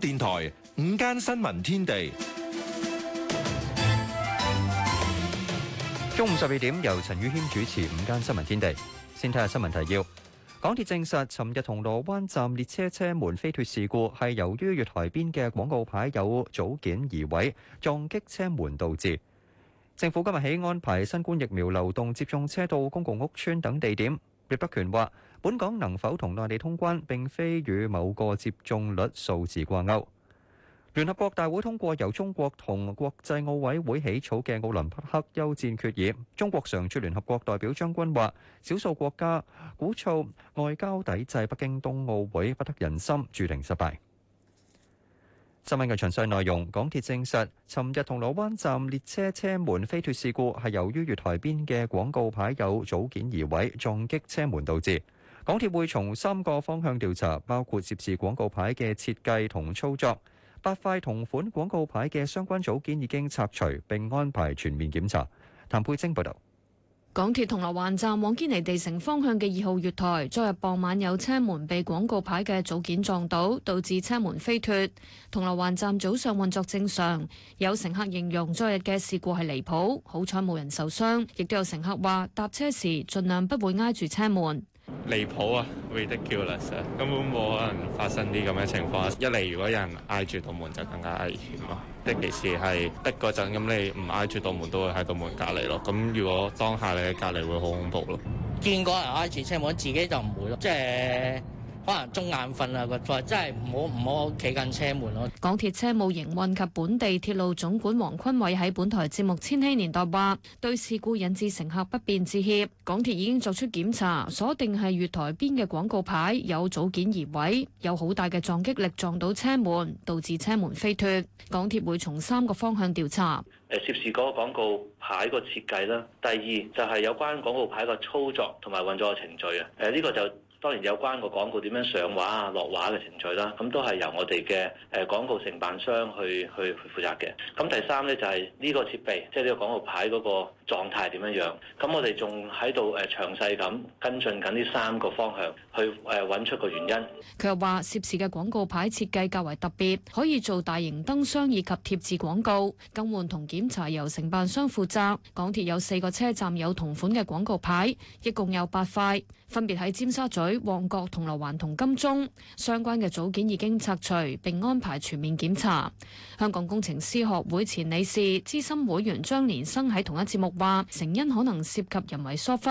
電台午間新聞天地，中午十二點由陳宇謙主持《午間新聞天地》天地。先睇下新聞提要：港鐵證實，尋日銅鑼灣站列車車門飛脱事故，係由於月台邊嘅廣告牌有組件移位，撞擊車門導致。政府今日起安排新冠疫苗流動接種車到公共屋邨等地點。葉德權話。本港能否同內地通關，並非與某個接種率數字掛鈎。聯合國大會通過由中國同國際奧委會起草嘅奧林匹克休戰決議。中國常駐聯合國代表張軍話：少數國家鼓噪外交抵制北京冬奧會，不得人心，註定失敗。新聞嘅詳細內容。港鐵證實，尋日銅鑼灣站列車車門飛脱事故，係由於月台邊嘅廣告牌有組件移位，撞擊車門導致。港鐵會從三個方向調查，包括涉事廣告牌嘅設計同操作。八塊同款廣告牌嘅相關組件已經拆除並安排全面檢查。譚佩晶報導。港鐵銅鑼灣站往堅尼地城方向嘅二號月台，昨日傍晚有車門被廣告牌嘅組件撞到，導致車門飛脱。銅鑼灣站早上運作正常，有乘客形容昨日嘅事故係離譜，好彩冇人受傷。亦都有乘客話搭車時盡量不會挨住車門。離譜啊，ridiculous！啊、根本冇可能發生啲咁嘅情況，啊。一嚟，如果有人挨住道門就更加危險，啊那個、咯。尤其係逼嗰陣，咁你唔挨住道門都會喺道門隔籬咯。咁如果當下你喺隔籬會好恐怖咯、啊。見過人挨住車門，自己就唔會咯。即係。可能中眼瞓啊，佢話真係唔好唔好企緊車門咯。港鐵車務營運及本地鐵路總管黃坤偉喺本台節目《千禧年代》話對事故引致乘客不便致歉。港鐵已經作出檢查，鎖定係月台邊嘅廣告牌有組件移位，有好大嘅撞擊力撞到車門，導致車門飛脱。港鐵會從三個方向調查。涉事嗰個廣告牌個設計啦，第二就係有關廣告牌個操作同埋運作嘅程序啊。誒，呢個就是。當然有關個廣告點樣上畫啊落畫嘅程序啦，咁都係由我哋嘅誒廣告承辦商去去，去負責嘅。咁第三呢，就係、是、呢個設備，即係呢個廣告牌嗰個狀態點樣樣。咁我哋仲喺度誒詳細咁跟進緊呢三個方向，去誒揾出個原因。佢又話涉事嘅廣告牌設計較為特別，可以做大型燈箱以及貼紙廣告。更換同檢查由承辦商負責。港鐵有四個車站有同款嘅廣告牌，一共有八塊。分別喺尖沙咀、旺角、銅鑼灣同金鐘，相關嘅組件已經拆除並安排全面檢查。香港工程師學會前理事、資深會員張連生喺同一節目話：成因可能涉及人為疏忽。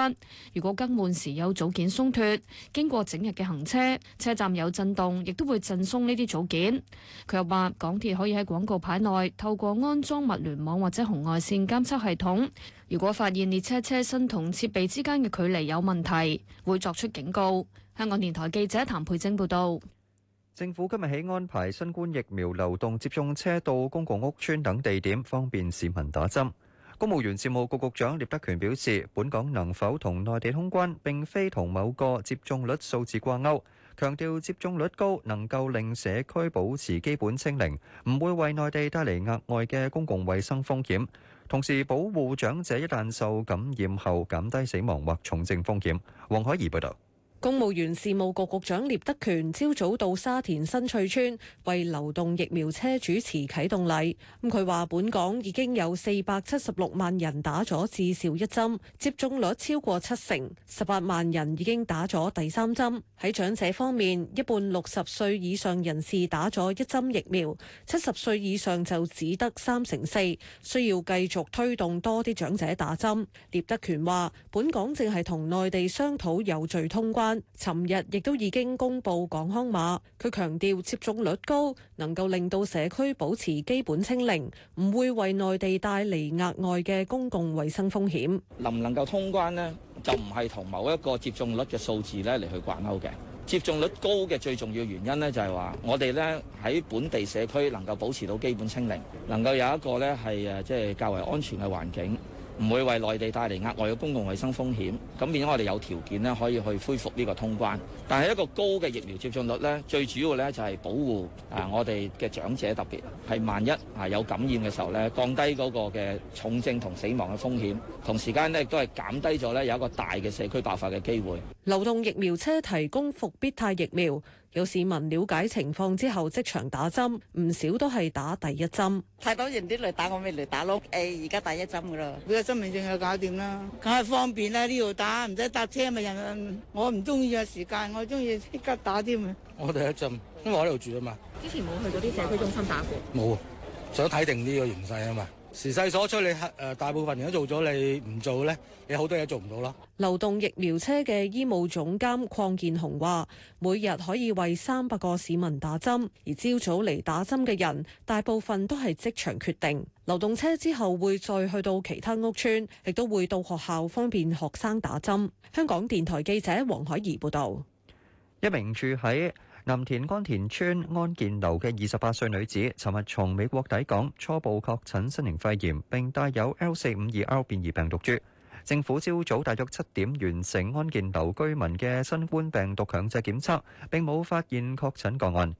如果更換時有組件鬆脱，經過整日嘅行車，車站有震動，亦都會震鬆呢啲組件。佢又話：港鐵可以喺廣告牌內透過安裝物聯網或者紅外線監測系統。如果發現列車車身同設備之間嘅距離有問題，會作出警告。香港電台記者譚佩晶報導。政府今日起安排新冠疫苗流動接種車到公共屋邨等地點，方便市民打針。公務員事務局局長聶德權表示，本港能否同內地通關並非同某個接種率數字掛鈎，強調接種率高能夠令社區保持基本清零，唔會為內地帶嚟額外嘅公共衛生風險。同時保護長者，一旦受感染後減低死亡或重症風險。黃海怡報道。公務員事務局局長聶德權朝早到沙田新翠村為流動疫苗車主持啟動禮。咁佢話，本港已經有四百七十六萬人打咗至少一針，接種率超過七成，十八萬人已經打咗第三針。喺長者方面，一半六十歲以上人士打咗一針疫苗，七十歲以上就只得三成四，需要繼續推動多啲長者打針。聶德權話，本港淨係同內地商討有序通關。琴日亦都已經公布港康碼，佢強調接種率高，能夠令到社區保持基本清零，唔會為內地帶嚟額外嘅公共衛生風險。能唔能夠通關呢？就唔係同某一個接種率嘅數字咧嚟去掛鈎嘅。接種率高嘅最重要原因咧，就係話我哋咧喺本地社區能夠保持到基本清零，能夠有一個咧係誒即係較為安全嘅環境。唔會為內地帶嚟額外嘅公共衛生風險，咁變咗我哋有條件咧可以去恢復呢個通關。但係一個高嘅疫苗接種率咧，最主要咧就係保護啊我哋嘅長者特別，特別係萬一啊有感染嘅時候咧，降低嗰個嘅重症同死亡嘅風險，同時間咧都係減低咗咧有一個大嘅社區爆發嘅機會。流動疫苗車提供復必泰疫苗。有市民了解情況之後即場打針，唔少都係打第一針。太多人啲嚟打，我咪嚟打咯。誒、哎，而家第一針噶啦，每個身份證就搞掂啦。梗係方便啦，呢度打唔使搭車嘛人。我唔中意啊時間，我中意即刻打添。我第一針，因為我喺度住啊嘛。之前冇去嗰啲社區中心打過。冇，想睇定呢個形勢啊嘛。時勢所趨，你誒大部分人都做咗，你唔做呢，你好多嘢做唔到咯。流動疫苗車嘅醫務總監鄺建雄話，每日可以為三百個市民打針，而朝早嚟打針嘅人，大部分都係即場決定。流動車之後會再去到其他屋村，亦都會到學校，方便學生打針。香港電台記者黃海怡報導。一名住喺南田安田村安健樓嘅二十八歲女子，尋日從美國抵港，初步確診新型肺炎，並帶有 L 四五二 R 變異病毒株。政府朝早大約七點完成安健樓居民嘅新冠病毒強制檢測，並冇發現確診個案。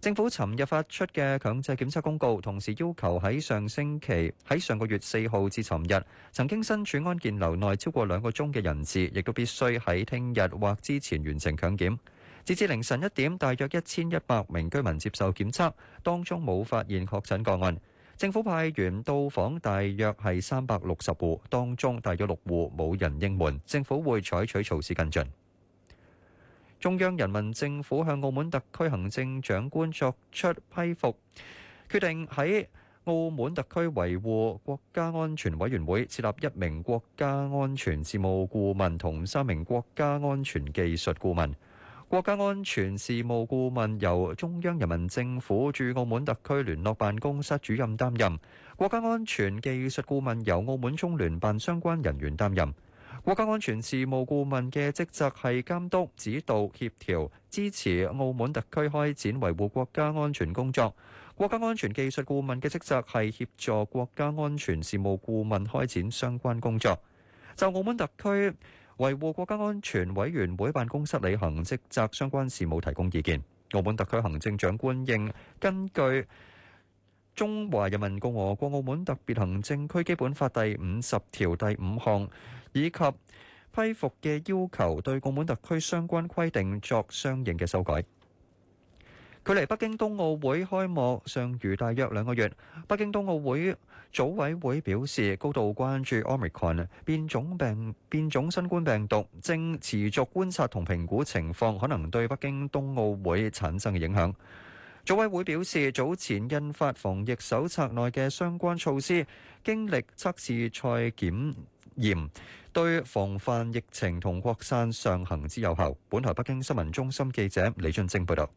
政府尋日發出嘅強制檢測公告，同時要求喺上星期喺上個月四號至尋日曾經身處安健樓內超過兩個鐘嘅人士，亦都必須喺聽日或之前完成強檢。截至凌晨一點，大約一千一百名居民接受檢測，當中冇發現確診個案。政府派員到訪大約係三百六十戶，當中大約六戶冇人應門。政府會採取措施跟進。中央人民政府向澳門特區行政長官作出批覆，決定喺澳門特區維護國家安全委員會設立一名國家安全事務顧問同三名國家安全技術顧問。國家安全事務顧問由中央人民政府駐澳門特區聯絡辦公室主任擔任，國家安全技術顧問由澳門中聯辦相關人員擔任。國家安全事務顧問嘅職責係監督、指導、協調、支持澳門特區開展維護國家安全工作。國家安全技術顧問嘅職責係協助國家安全事務顧問開展相關工作。就澳門特區維護國家安全委員會辦公室履行職責相關事務提供意見。澳門特區行政長官應根據《中華人民共和國澳門特別行政區基本法》第五十條第五項以及批覆嘅要求，對澳門特區相關規定作相應嘅修改。距離北京冬奧會開幕尚餘大約兩個月，北京冬奧會。組委會表示高度關注奧密克戎變種病變種新冠病毒，正持續觀察同評估情況，可能對北京冬奧會產生嘅影響。組委會表示，早前印發防疫手冊內嘅相關措施，經歷測試賽檢驗，對防範疫情同擴散上行之有效。本台北京新聞中心記者李俊晶報道。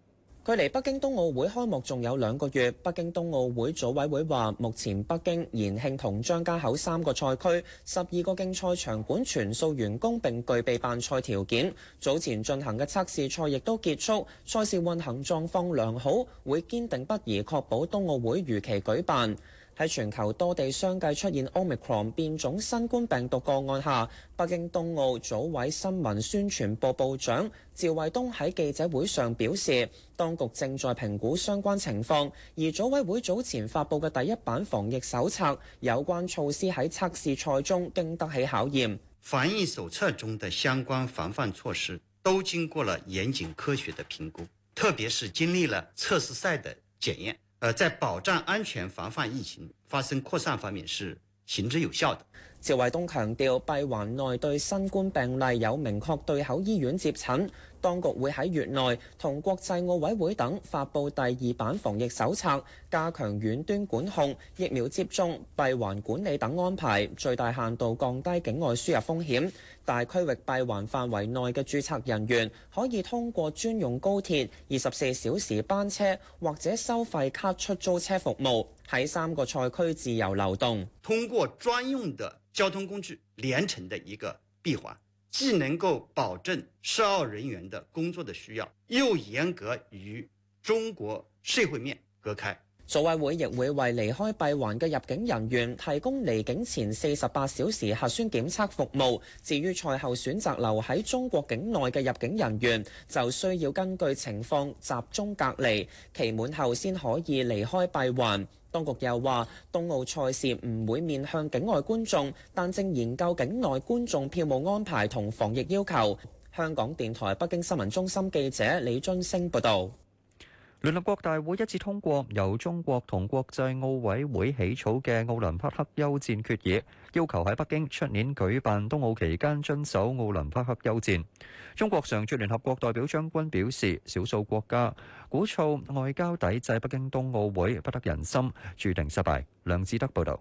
距離北京冬奧會開幕仲有兩個月，北京冬奧會組委會話，目前北京延慶同張家口三個賽區十二個競賽場館全數完工並具備辦賽條件，早前進行嘅測試賽亦都結束，賽事運行狀況良好，會堅定不移確保冬奧會如期舉辦。喺全球多地相繼出現 Omicron 變種新冠病毒個案下，北京冬奧組委新聞宣傳部部長趙衛東喺記者會上表示，當局正在評估相關情況，而組委會早前發布嘅第一版防疫手冊，有關措施喺測試賽中經得起考驗。防疫手冊中的相關防範措施都經過了嚴謹科學的評估，特別是經歷了測試賽的檢驗。呃，在保障安全、防範疫情發生擴散方面是行之有效的。趙衛東強調，閉環內對新冠病例有明確對口醫院接診。當局會喺月內同國際奧委會等發布第二版防疫手冊，加強遠端管控、疫苗接種、閉環管理等安排，最大限度降低境外輸入風險。大區域閉環範圍內嘅註冊人員，可以通過專用高鐵、二十四小時班車或者收費卡出租車服務，喺三個賽區自由流動。通過專用的交通工具連成的一個閉環。既能夠保證涉奧人員的工作的需要，又嚴格與中國社會面隔開。組委會亦會為離開閉環嘅入境人員提供離境前四十八小時核酸檢測服務。至於賽後選擇留喺中國境內嘅入境人員，就需要根據情況集中隔離，期滿後先可以離開閉環。當局又話，冬奧賽事唔會面向境外觀眾，但正研究境內觀眾票務安排同防疫要求。香港電台北京新聞中心記者李津升報道。聯合國大會一致通過由中國同國際奧委會起草嘅奧林匹克休戰決議，要求喺北京出年舉辦冬奧期間遵守奧林匹克休戰。中國常駐聯合國代表張軍表示，少數國家鼓噪外交抵制北京冬奧會，不得人心，注定失敗。梁志德報導。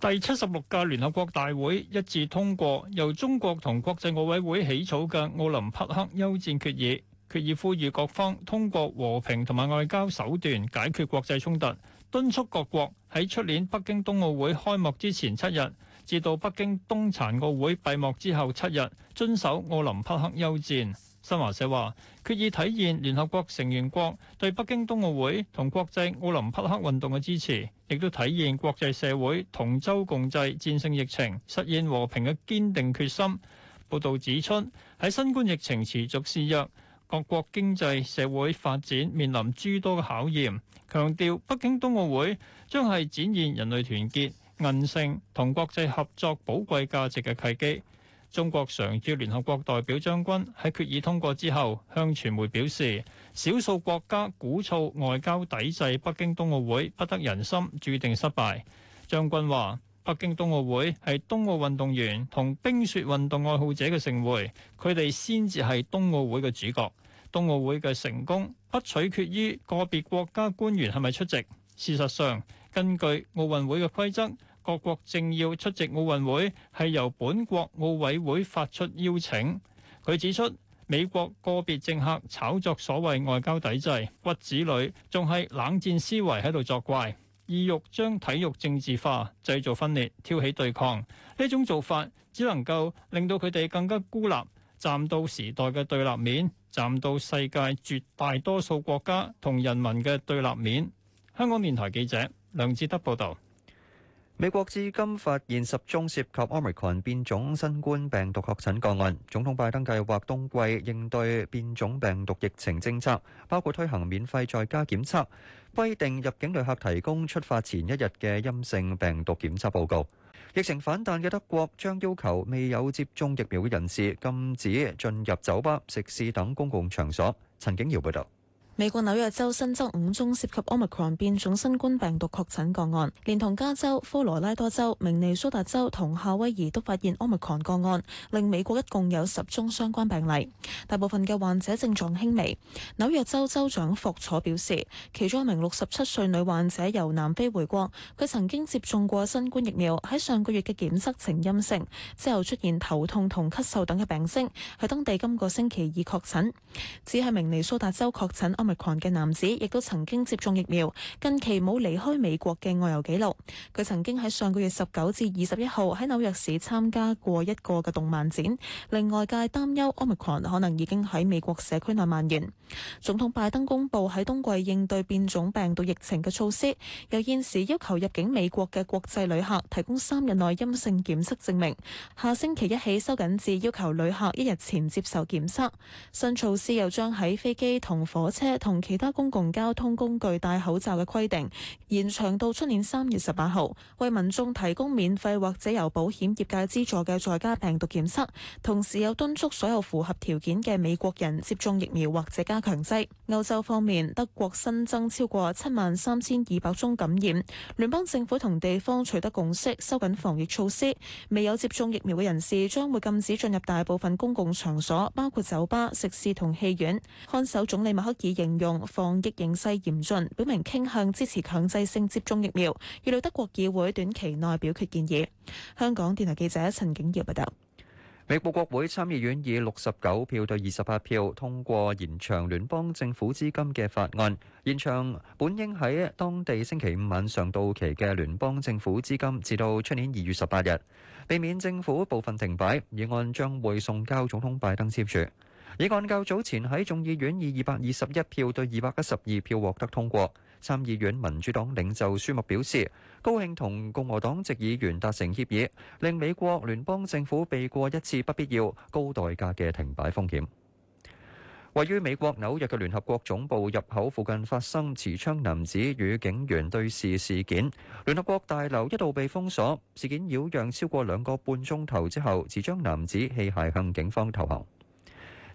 第七十六屆聯合國大會一致通過由中國同國際奧委會起草嘅奧林匹克休戰決議。決議呼籲各方通過和平同埋外交手段解決國際衝突，敦促各國喺出年北京冬奧會開幕之前七日，至到北京冬殘奧會閉幕之後七日，遵守奧林匹克休戰。新華社話決議體現聯合國成員國對北京冬奧會同國際奧林匹克運動嘅支持，亦都體現國際社會同舟共濟、戰勝疫情、實現和平嘅堅定決心。報道指出，喺新冠疫情持續肆虐，各國經濟社會發展面臨諸多嘅考驗，強調北京冬奧會將係展現人類團結、韌性同國際合作寶貴價值嘅契機。中國常駐聯合國代表張軍喺決議通過之後，向傳媒表示，少數國家鼓譟外交抵制北京冬奧會，不得人心，注定失敗。張軍話。北京冬奧會係冬奧運動員同冰雪運動愛好者嘅盛會，佢哋先至係冬奧會嘅主角。冬奧會嘅成功不取決於個別國家官員係咪出席。事實上，根據奧運會嘅規則，各國政要出席奧運會係由本國奧委會發出邀請。佢指出，美國個別政客炒作所謂外交抵制，骨子裏仲係冷戰思維喺度作怪。意欲將體育政治化，製造分裂，挑起對抗，呢種做法只能夠令到佢哋更加孤立，站到時代嘅對立面，站到世界絕大多數國家同人民嘅對立面。香港電台記者梁志德報道。美國至今發現十宗涉及 Omicron 變種新冠病毒確診個案。總統拜登計劃冬季應對變種病毒疫情政策，包括推行免費在家檢測，規定入境旅客提供出發前一日嘅陰性病毒檢測報告。疫情反彈嘅德國將要求未有接種疫苗嘅人士禁止進入酒吧、食肆等公共場所。陳景堯報導。美國紐約州新增五宗涉及 Omicron 變種新冠病毒確診個案，連同加州、科羅拉多州、明尼蘇達州同夏威夷都發現 Omicron 個案，令美國一共有十宗相關病例。大部分嘅患者症狀輕微。紐約州州長霍楚表示，其中一名六十七歲女患者由南非回國，佢曾經接種過新冠疫苗，喺上個月嘅檢測呈陰性，之後出現頭痛同咳嗽等嘅病徵，喺當地今個星期已確診。只係明尼蘇達州確診。Omicron 嘅男子亦都曾經接種疫苗，近期冇離開美國嘅外遊記錄。佢曾經喺上個月十九至二十一號喺紐約市參加過一個嘅動漫展，令外界擔憂 Omicron 可能已經喺美國社區內蔓延。總統拜登公布喺冬季應對變種病毒疫情嘅措施，由現時要求入境美國嘅國際旅客提供三日內陰性檢測證明，下星期一起收緊至要求旅客一日前接受檢測。新措施又將喺飛機同火車，同其他公共交通工具戴口罩嘅規定延長到出年三月十八號，為民眾提供免費或者由保險業界資助嘅在家病毒檢測，同時又敦促所有符合條件嘅美國人接種疫苗或者加強劑。歐洲方面，德國新增超過七萬三千二百宗感染，聯邦政府同地方取得共識，收緊防疫措施，未有接種疫苗嘅人士將會禁止進入大部分公共場所，包括酒吧、食肆同戲院。看守總理默克爾亦。形容防疫形勢嚴峻，表明傾向支持強制性接種疫苗。預料德國議會短期內表決建議。香港電台記者陳景瑤報道。美國國會參議院以六十九票對二十八票通過延長聯邦政府資金嘅法案，延長本應喺當地星期五晚上到期嘅聯邦政府資金至到出年二月十八日，避免政府部分停擺。議案將會送交總統拜登簽署。議案較早前喺眾議院以二百二十一票對二百一十二票獲得通過。參議院民主黨領袖舒默表示，高興同共和黨籍議員達成協議，令美國聯邦政府避過一次不必要高代價嘅停擺風險。位於美國紐約嘅聯合國總部入口附近發生持槍男子與警員對峙事件，聯合國大樓一度被封鎖。事件擾攘超過兩個半鐘頭之後，持槍男子棄械向警方投降。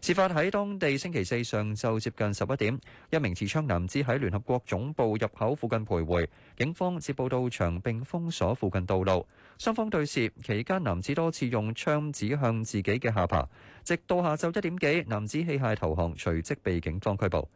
事發喺當地星期四上晝接近十一點，一名持槍男子喺聯合國總部入口附近徘徊，警方接報到場並封鎖附近道路，雙方對峙期間，男子多次用槍指向自己嘅下巴，直到下晝一點幾，男子棄械投降，隨即被警方拘捕。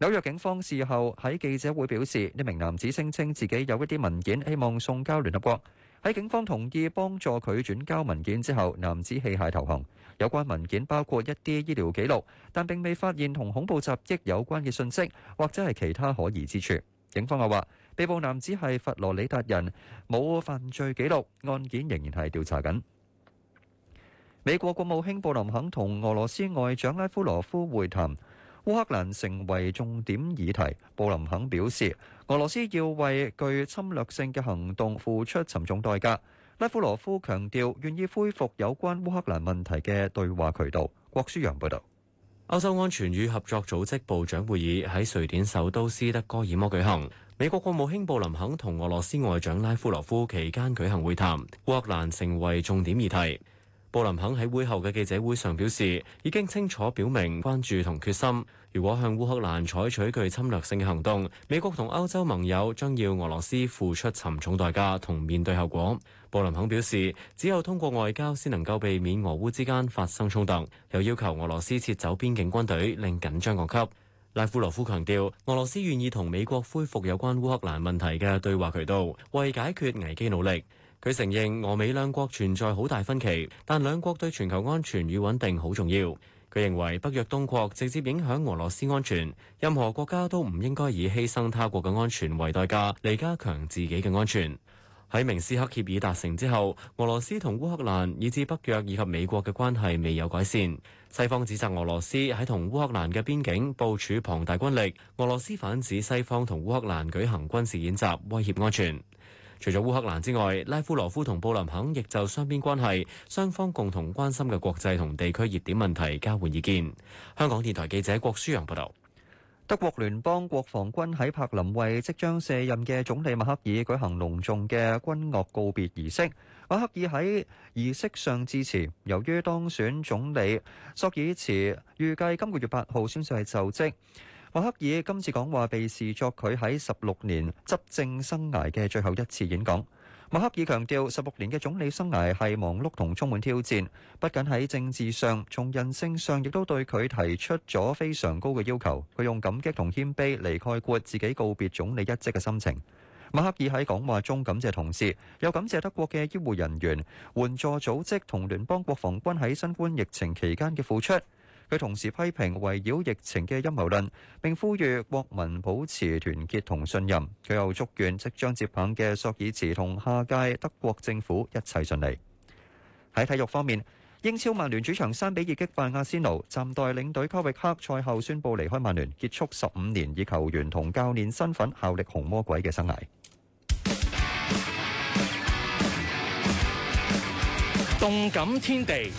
紐約警方事後喺記者會表示，呢名男子聲稱自己有一啲文件，希望送交聯合國。喺警方同意幫助佢轉交文件之後，男子棄械投降。有關文件包括一啲醫療記錄，但並未發現同恐怖襲擊有關嘅信息或者係其他可疑之處。警方又話，被捕男子係佛羅里達人，冇犯罪記錄。案件仍然係調查緊。美國國務卿布林肯同俄羅斯外長拉夫羅夫會談，烏克蘭成為重點議題。布林肯表示，俄羅斯要為具侵略性嘅行動付出沉重代價。拉夫羅夫強調願意恢復有關烏克蘭問題嘅對話渠道。郭舒揚報導。歐洲安全與合作組織部長會議喺瑞典首都斯德哥爾摩舉行。美國國務卿布林肯同俄羅斯外長拉夫羅夫期間舉行會談，烏克蘭成為重點議題。布林肯喺會後嘅記者會上表示，已經清楚表明關注同決心。如果向烏克蘭採取具侵略性嘅行動，美國同歐洲盟友將要俄羅斯付出沉重代價同面對後果。布林肯表示，只有通過外交先能夠避免俄烏之間發生衝突，又要求俄羅斯撤走邊境軍隊，令緊張降級。拉夫羅夫強調，俄羅斯願意同美國恢復有關烏克蘭問題嘅對話渠道，為解決危機努力。佢承認俄美兩國存在好大分歧，但兩國對全球安全與穩定好重要。佢認為北約東擴直接影響俄羅斯安全，任何國家都唔應該以犧牲他國嘅安全為代價嚟加強自己嘅安全。喺明斯克協議達成之後，俄羅斯同烏克蘭以至北約以及美國嘅關係未有改善。西方指責俄羅斯喺同烏克蘭嘅邊境部署龐大軍力，俄羅斯反指西方同烏克蘭舉行軍事演習威脅安全。除咗烏克蘭之外，拉夫羅夫同布林肯亦就雙邊關係、雙方共同關心嘅國際同地區熱點問題交換意見。香港電台記者郭舒揚報導。德國聯邦國防軍喺柏林為即將卸任嘅總理默克爾舉行隆重嘅軍樂告別儀式。默克爾喺儀式上致辭，由於當選總理索爾茨預計今個月八號先至係就職。默克爾今次講話被視作佢喺十六年執政生涯嘅最後一次演講。默克爾強調，十六年嘅總理生涯係忙碌同充滿挑戰，不僅喺政治上，從人性上亦都對佢提出咗非常高嘅要求。佢用感激同謙卑嚟概括自己告別總理一職嘅心情。默克爾喺講話中感謝同事，又感謝德國嘅醫護人員、援助組織同聯邦國防軍喺新冠疫情期間嘅付出。佢同時批評圍繞疫情嘅陰謀論，並呼籲國民保持團結同信任。佢又祝願即將接棒嘅索爾茨同下屆德國政府一切順利。喺體育方面，英超曼聯主場三比二擊敗阿仙奴，暫代領隊卡域克賽後，宣布離開曼聯，結束十五年以球員同教練身份效力紅魔鬼嘅生涯。動感天地。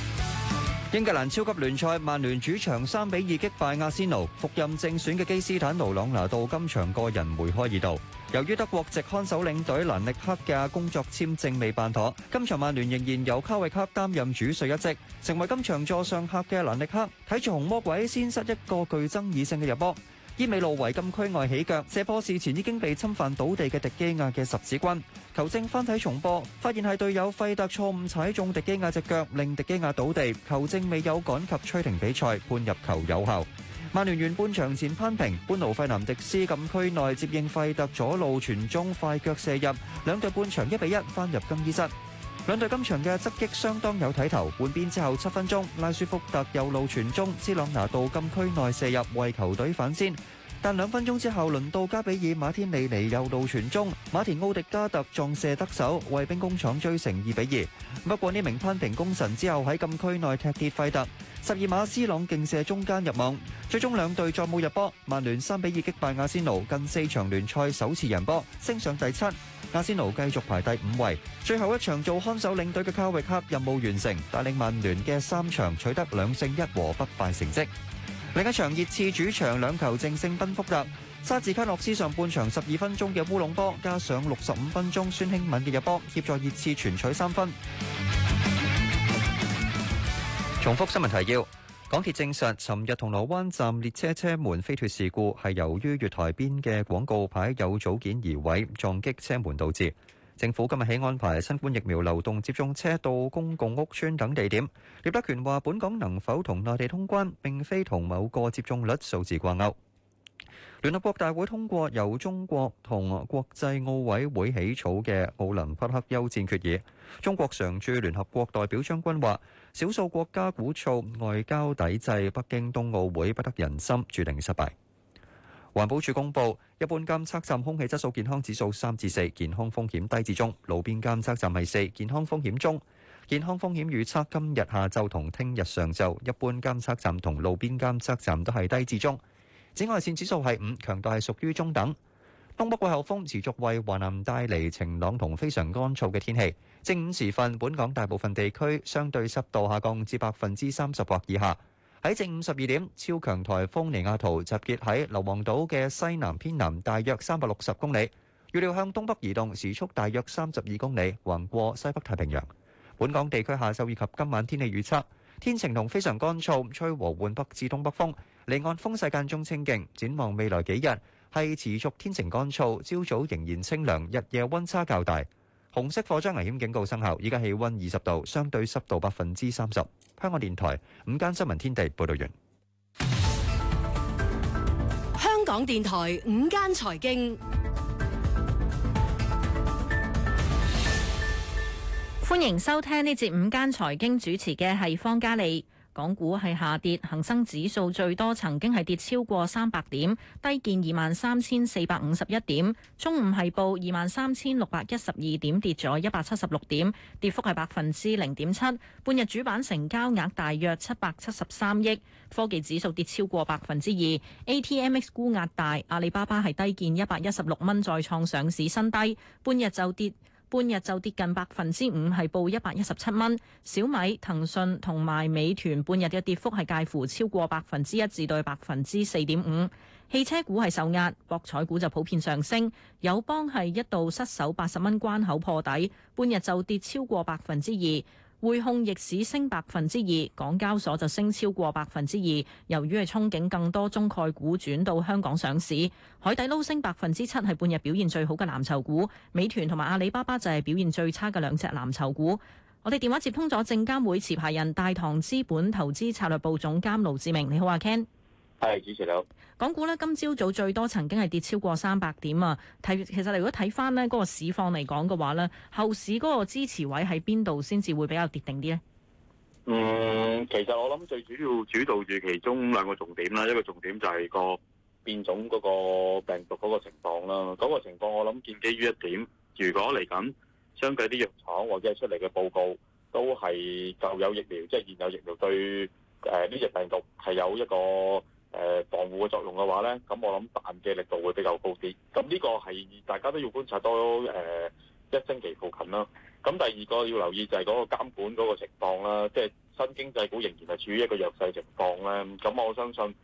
英格蘭超級聯賽，曼聯主場三比二擊敗阿仙奴，復任正選嘅基斯坦奴朗拿度今場個人梅開二度。由於德國籍看守領隊蘭力克嘅工作簽證未辦妥，今場曼聯仍然由卡域克擔任主帥一職，成為今場座上客嘅蘭力克，睇住紅魔鬼先失一個具爭議性嘅入波。伊美路違禁區外起腳射波事前已經被侵犯倒地嘅迪基亞嘅十指軍，球證翻睇重播，發現係隊友費特錯誤踩中迪基亞隻腳，令迪基亞倒地，球證未有趕及吹停比賽，判入球有效。曼聯完半場前扳平，班奴費南迪斯禁區內接應費特左路傳中，快腳射入，兩隊半場一比一，返入更衣室。兩隊今場嘅側擊相當有睇頭，換邊之後七分鐘，拉舒福特右路傳中，C 朗拿度禁區內射入，為球隊反先。但兩分鐘之後，輪到加比爾馬天利尼右路傳中，馬田奧迪加特撞射得手，為兵工廠追成二比二。不過呢名扳平功臣之後喺禁區內踢跌費特，十二碼斯朗勁射中間入網。最終兩隊再冇入波，曼聯三比二擊敗阿仙奴，近四場聯賽首次贏波，升上第七。阿仙奴繼續排第五位。最後一場做看守領隊嘅卡域克任務完成，帶領曼聯嘅三場取得兩勝一和不敗成績。另一場熱刺主場兩球淨勝賓福特，沙治卡洛斯上半場十二分鐘嘅烏龍波，加上六十五分鐘孫興敏嘅入波，協助熱刺全取三分。重複新聞提要：港鐵證實，尋日銅鑼灣站列車車門飛脱事故係由於月台邊嘅廣告牌有組件移位，撞擊車門導致。政府今日起安排新冠疫苗流動接種車到公共屋邨等地點。聶德權話：本港能否同內地通關，並非同某個接種率數字掛鈎。聯合國大會通過由中國同國際奧委會起草嘅奧林匹克休戰決議。中國常駐聯合國代表張軍話：少數國家鼓噪外交抵制北京冬奧會，不得人心，注定失敗。環保署公布，一般監測站空氣質素健康指數三至四，健康風險低至中；路邊監測站係四，健康風險中。健康風險預測今日下晝同聽日上晝，一般監測站同路邊監測站都係低至中。紫外線指數係五，強度係屬於中等。東北季候風持續為華南帶嚟晴朗同非常乾燥嘅天氣。正午時分，本港大部分地區相對濕度下降至百分之三十或以下。喺正午十二點，超強颱風尼亞圖集結喺硫黃島嘅西南偏南，大約三百六十公里。預料向東北移動，時速大約三十二公里，橫過西北太平洋。本港地區下晝以及今晚天氣預測：天晴同非常乾燥，吹和緩北至東北風，離岸風勢間中清勁。展望未來幾日係持續天晴乾燥，朝早仍然清涼，日夜温差較大。紅色火災危險警告生效，依家氣温二十度，相對濕度百分之三十。香港電台午間新聞天地報導完。香港電台午間財經，歡迎收聽呢節午間財經，主持嘅係方嘉莉。港股係下跌，恒生指數最多曾經係跌超過三百點，低見二萬三千四百五十一點。中午係報二萬三千六百一十二點，跌咗一百七十六點，跌幅係百分之零點七。半日主板成交額大約七百七十三億。科技指數跌超過百分之二，ATMX 沽壓大，阿里巴巴係低見一百一十六蚊，再創上市新低。半日就跌。半日就跌近百分之五，係報一百一十七蚊。小米、騰訊同埋美團半日嘅跌幅係介乎超過百分之一至到百分之四點五。汽車股係受壓，博彩股就普遍上升。友邦係一度失守八十蚊關口破底，半日就跌超過百分之二。匯控逆市升百分之二，港交所就升超過百分之二。由於係憧憬更多中概股轉到香港上市，海底撈升百分之七，係半日表現最好嘅藍籌股。美團同埋阿里巴巴就係表現最差嘅兩隻藍籌股。我哋電話接通咗證監會持牌人大唐資本投資策略部總監盧志明，你好啊，Ken。係，主持你好。港股咧今朝早，早最多曾經係跌超過三百點啊。睇，其實你如果睇翻咧嗰個市況嚟講嘅話咧，後市嗰個支持位喺邊度先至會比較跌定啲咧？嗯，其實我諗最主要主導住其中兩個重點啦，一個重點就係個變種嗰個病毒嗰、那個情況啦。咁個情況我諗建基於一點，如果嚟緊相繼啲藥廠或者出嚟嘅報告都係夠有疫苗，即、就、係、是、現有疫苗對誒呢隻病毒係有一個。誒防護嘅作用嘅話呢，咁我諗彈嘅力度會比較高啲。咁呢個係大家都要觀察多誒一星期附近啦。咁第二個要留意就係嗰個監管嗰個情況啦。即係新經濟股仍然係處於一個弱勢情況呢。咁我相信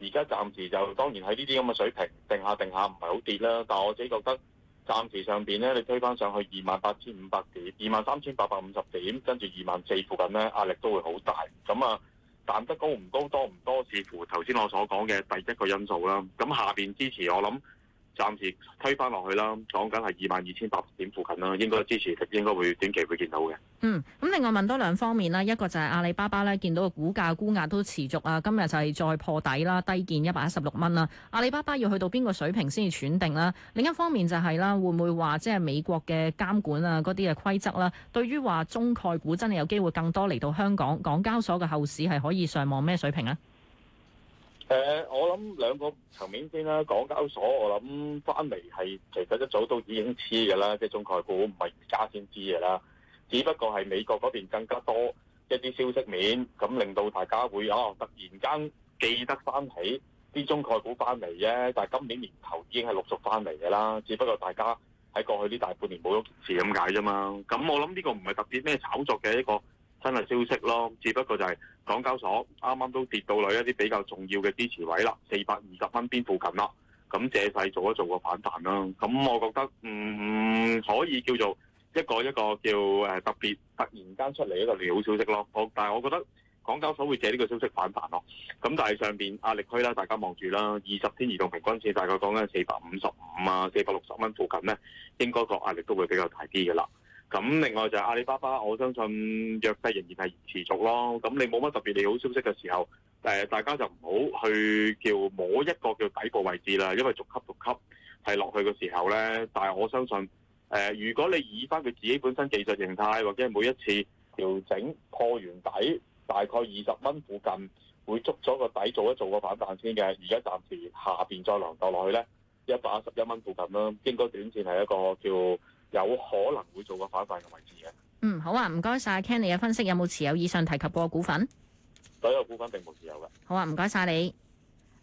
而家暫時就當然喺呢啲咁嘅水平定下定下唔係好跌啦。但係我自己覺得暫時上邊呢，你推翻上去二萬八千五百點、二萬三千八百五十點，跟住二萬四附近呢，壓力都會好大。咁啊～賺得高唔高，多唔多，視乎頭先我所講嘅第一個因素啦。咁下邊支持我諗。暫時推翻落去啦，講緊係二萬二千八點附近啦，應該支持，應該會短期會見到嘅。嗯，咁另外問多兩方面啦，一個就係阿里巴巴咧，見到個股價估壓都持續啊，今日就係再破底啦，低見一百一十六蚊啦。阿里巴巴要去到邊個水平先至喘定啦？另一方面就係、是、啦，會唔會話即係美國嘅監管啊，嗰啲嘅規則啦，對於話中概股真係有機會更多嚟到香港港交所嘅後市係可以上望咩水平啊？誒、呃，我諗兩個層面先啦。港交所我諗翻嚟係其實一早都已經黐嘅啦，即係中概股唔係而家先知嘅啦。只不過係美國嗰邊更加多一啲消息面，咁令到大家會啊突然間記得翻起啲中概股翻嚟啫。但係今年年頭已經係陸續翻嚟嘅啦。只不過大家喺過去呢大半年冇咗件事咁解啫嘛。咁我諗呢個唔係特別咩炒作嘅一、這個。真係消息咯，只不過就係港交所啱啱都跌到喺一啲比較重要嘅支持位啦，四百二十蚊邊附近啦，咁借勢做一做個反彈啦。咁我覺得嗯可以叫做一個一個叫誒特別突然間出嚟一個利好消息咯。好，但係我覺得港交所會借呢個消息反彈咯。咁但係上面壓力區啦，大家望住啦，二十天移動平均線大概講緊四百五十五啊、四百六十蚊附近咧，應該個壓力都會比較大啲嘅啦。咁另外就係阿里巴巴，我相信弱勢仍然係持續咯。咁你冇乜特別利好消息嘅時候，誒、呃、大家就唔好去叫摸一個叫底部位置啦。因為逐級逐級係落去嘅時候咧，但係我相信誒、呃，如果你以返佢自己本身技術形態，或者每一次調整破完底，大概二十蚊附近會捉咗個底做一做一個反彈先嘅。而家暫時下邊再量度落去咧，一百一十一蚊附近啦，應該短線係一個叫。有可能會做個反反嘅位置嘅。嗯，好啊，唔該晒。c a n n y 嘅分析有冇持有以上提及個股份？所有股份並冇持有嘅。好啊，唔該晒。你。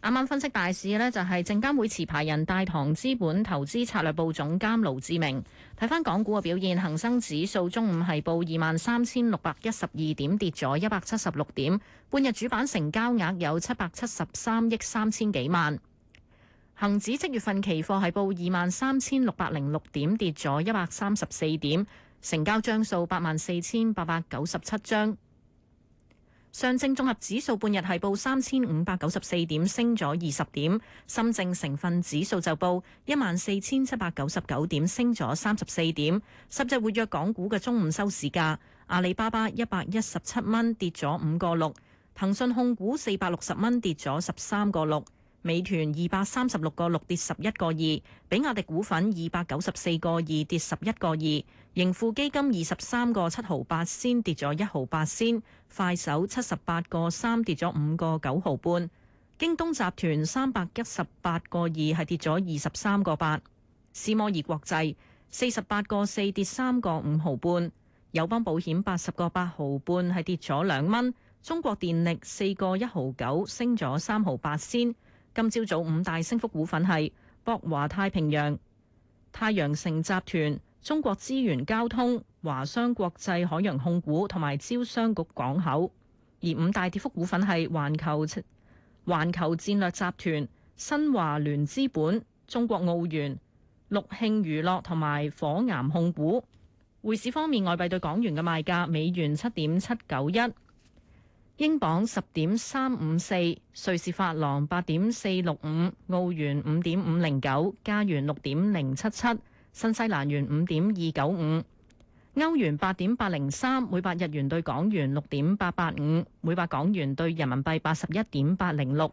啱啱分析大市呢，就係、是、證監會持牌人大唐資本投資策略部總監盧志明睇翻港股嘅表現，恒生指數中午係報二萬三千六百一十二點，跌咗一百七十六點。半日主板成交額有七百七十三億三千幾萬。恒指即月份期貨係報二萬三千六百零六點，跌咗一百三十四點，成交張數八萬四千八百九十七張。上證綜合指數半日係報三千五百九十四點，升咗二十點。深證成分指數就報一萬四千七百九十九點，升咗三十四點。十隻活躍港股嘅中午收市價，阿里巴巴一百一十七蚊，跌咗五個六；騰訊控股四百六十蚊，跌咗十三個六。美團二百三十六個六，跌十一個二，比亞迪股份二百九十四個二，跌十一個二，盈富基金二十三個七毫八先跌咗一毫八先，快手七十八個三跌咗五個九毫半，京東集團三百一十八個二係跌咗二十三個八，斯摩爾國際四十八個四跌三個五毫半，友邦保險八十個八毫半係跌咗兩蚊，中國電力四個一毫九升咗三毫八先。今朝早五大升幅股份係博華太平洋、太陽城集團、中國資源交通、華商國際海洋控股同埋招商局港口。而五大跌幅股份係環球、環球戰略集團、新華聯資本、中國澳元、陸慶娛樂同埋火岩控股。匯市方面，外幣對港元嘅賣價，美元七點七九一。英鎊十點三五四，瑞士法郎八點四六五，澳元五點五零九，加元六點零七七，新西蘭元五點二九五，歐元八點八零三，每百日元對港元六點八八五，每百港元對人民幣八十一點八零六，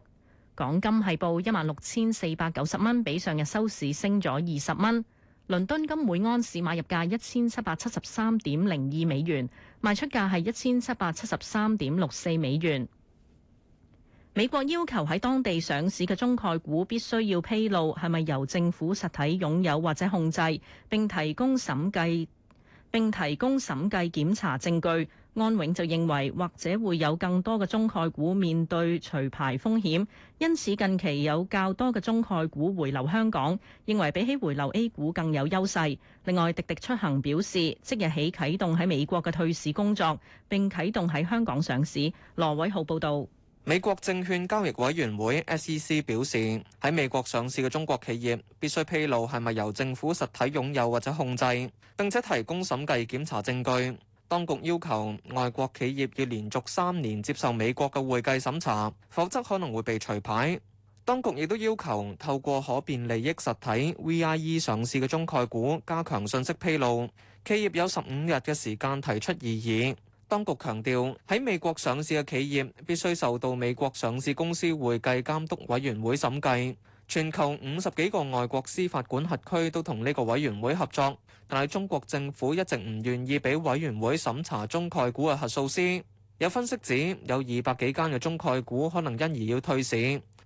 港金係報一萬六千四百九十蚊，比上日收市升咗二十蚊。倫敦金每安士買入價一千七百七十三點零二美元，賣出價係一千七百七十三點六四美元。美國要求喺當地上市嘅中概股必須要披露係咪由政府實體擁有或者控制，並提供審計，並提供審計檢查證據。安永就認為，或者會有更多嘅中概股面對除牌風險，因此近期有較多嘅中概股回流香港，認為比起回流 A 股更有優勢。另外，滴滴出行表示，即日起啟動喺美國嘅退市工作，並啟動喺香港上市。羅偉浩報道。美國證券交易委員會 SEC 表示，喺美國上市嘅中國企業必須披露係咪由政府實體擁有或者控制，並且提供審計檢查證據。當局要求外國企業要連續三年接受美國嘅會計審查，否則可能會被除牌。當局亦都要求透過可變利益實體 （VIE） 上市嘅中概股加強信息披露，企業有十五日嘅時間提出異議。當局強調，喺美國上市嘅企業必須受到美國上市公司會計監督委員會審計。全球五十幾個外國司法管轄區都同呢個委員會合作。但係中國政府一直唔願意俾委員會審查中概股嘅核數師。有分析指，有二百幾間嘅中概股可能因而要退市。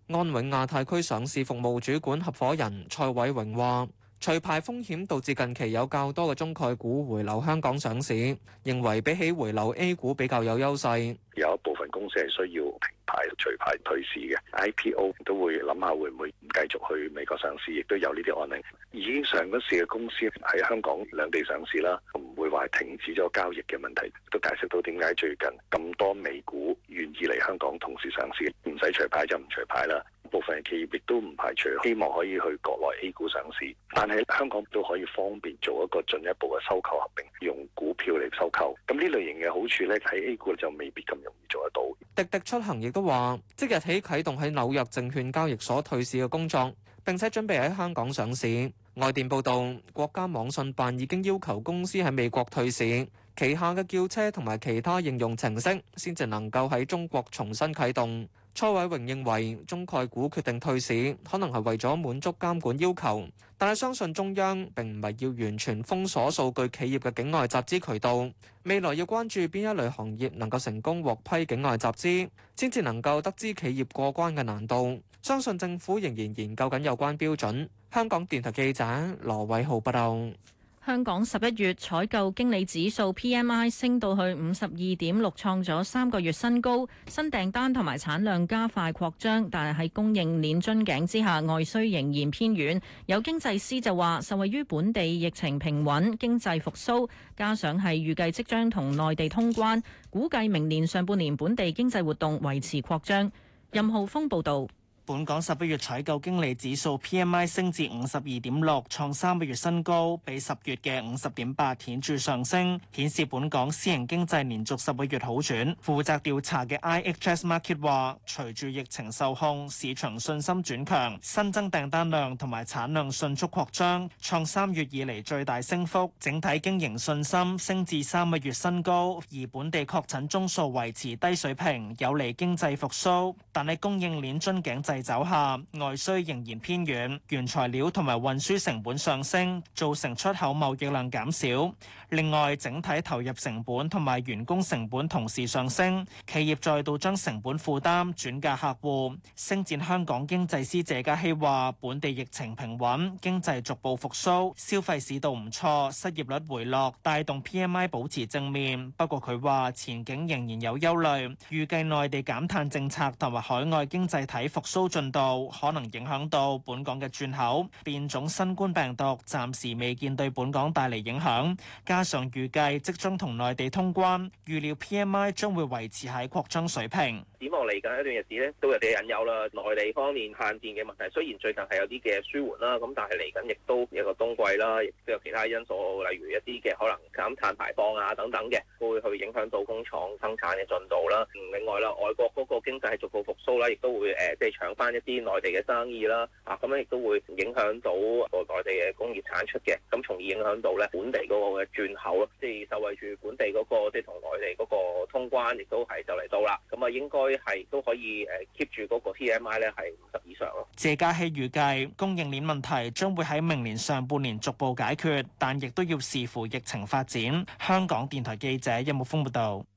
安永亞太區上市服務主管合夥人蔡偉榮話，除牌風險導致近期有較多嘅中概股回流香港上市，認為比起回流 A 股比較有優勢。有一部分公司係需要停牌、除牌、退市嘅 IPO，都會諗下會唔會唔繼續去美國上市，亦都有呢啲案例。已經上咗市嘅公司喺香港兩地上市啦，唔會話停止咗交易嘅問題。都解釋到點解最近咁多美股願意嚟香港同時上市，唔使除牌就唔除牌啦。部分企業亦都唔排除希望可以去國內 A 股上市，但係香港都可以方便做一個進一步嘅收購合併，用股票嚟收購。咁呢類型嘅好處咧，喺 A 股就未必咁。滴滴出行亦都話，即日起啟動喺紐約證券交易所退市嘅工作，並且準備喺香港上市。外電報道，國家網信辦已經要求公司喺美國退市，旗下嘅叫車同埋其他應用程式先至能夠喺中國重新啟動。蔡偉榮認為，中概股決定退市，可能係為咗滿足監管要求，但係相信中央並唔係要完全封鎖數據企業嘅境外集資渠道。未來要關注邊一類行業能夠成功獲批境外集資，先至能夠得知企業過關嘅難度。相信政府仍然研究緊有關標準。香港電台記者羅偉浩報道。香港十一月採購經理指數 PMI 升到去五十二點六，創咗三個月新高。新訂單同埋產量加快擴張，但係喺供應鏈樽頸，頸之下，外需仍然偏軟。有經濟師就話，受惠於本地疫情平穩、經濟復甦，加上係預計即將同內地通關，估計明年上半年本地經濟活動維持擴張。任浩峰報導。本港十一月採購經理指數 PMI 升至五十二點六，創三個月新高，比十月嘅五十點八顯著上升，顯示本港私營經濟連續十個月好轉。負責調查嘅 IHS Markit 話，隨住疫情受控，市場信心轉強，新增訂單量同埋產量迅速擴張，創三月以嚟最大升幅。整體經營信心升至三個月新高，而本地確診宗數維持低水平，有利經濟復甦。但係供應鏈樽頸制走下，外需仍然偏軟，原材料同埋運輸成本上升，造成出口貿易量減少。另外，整體投入成本同埋員工成本同時上升，企業再度將成本負擔轉嫁客戶。星展香港經濟師謝家希話，本地疫情平穩，經濟逐步復甦，消費市道唔錯，失業率回落，帶動 P M I 保持正面。不過佢話前景仍然有憂慮，預計內地減碳政策同埋海外經濟體復甦。進度可能影響到本港嘅轉口。變種新冠病毒暫時未見對本港帶嚟影響，加上預計即將同內地通關，預料 PMI 將會維持喺擴張水平。展望嚟緊一段日子咧，都有啲引誘啦。內地方面限電嘅問題，雖然最近係有啲嘅舒緩啦，咁但係嚟緊亦都有個冬季啦，亦都有其他因素，例如一啲嘅可能減碳排放啊等等嘅，都會去影響到工廠生產嘅進度啦。另外啦，外國嗰個經濟係逐步復甦啦，亦都會誒即係搶翻一啲內地嘅生意啦。啊，咁樣亦都會影響到內地嘅工業產出嘅，咁從而影響到咧本地嗰個嘅轉口，即係受惠住本地嗰個即係同內地嗰個通關，亦都係就嚟到啦。咁啊，應該。都係都可以誒 keep 住嗰個 PMI 咧係五十以上咯。謝嘉熙預計供應鏈問題將會喺明年上半年逐步解決，但亦都要視乎疫情發展。香港電台記者任木峯報道。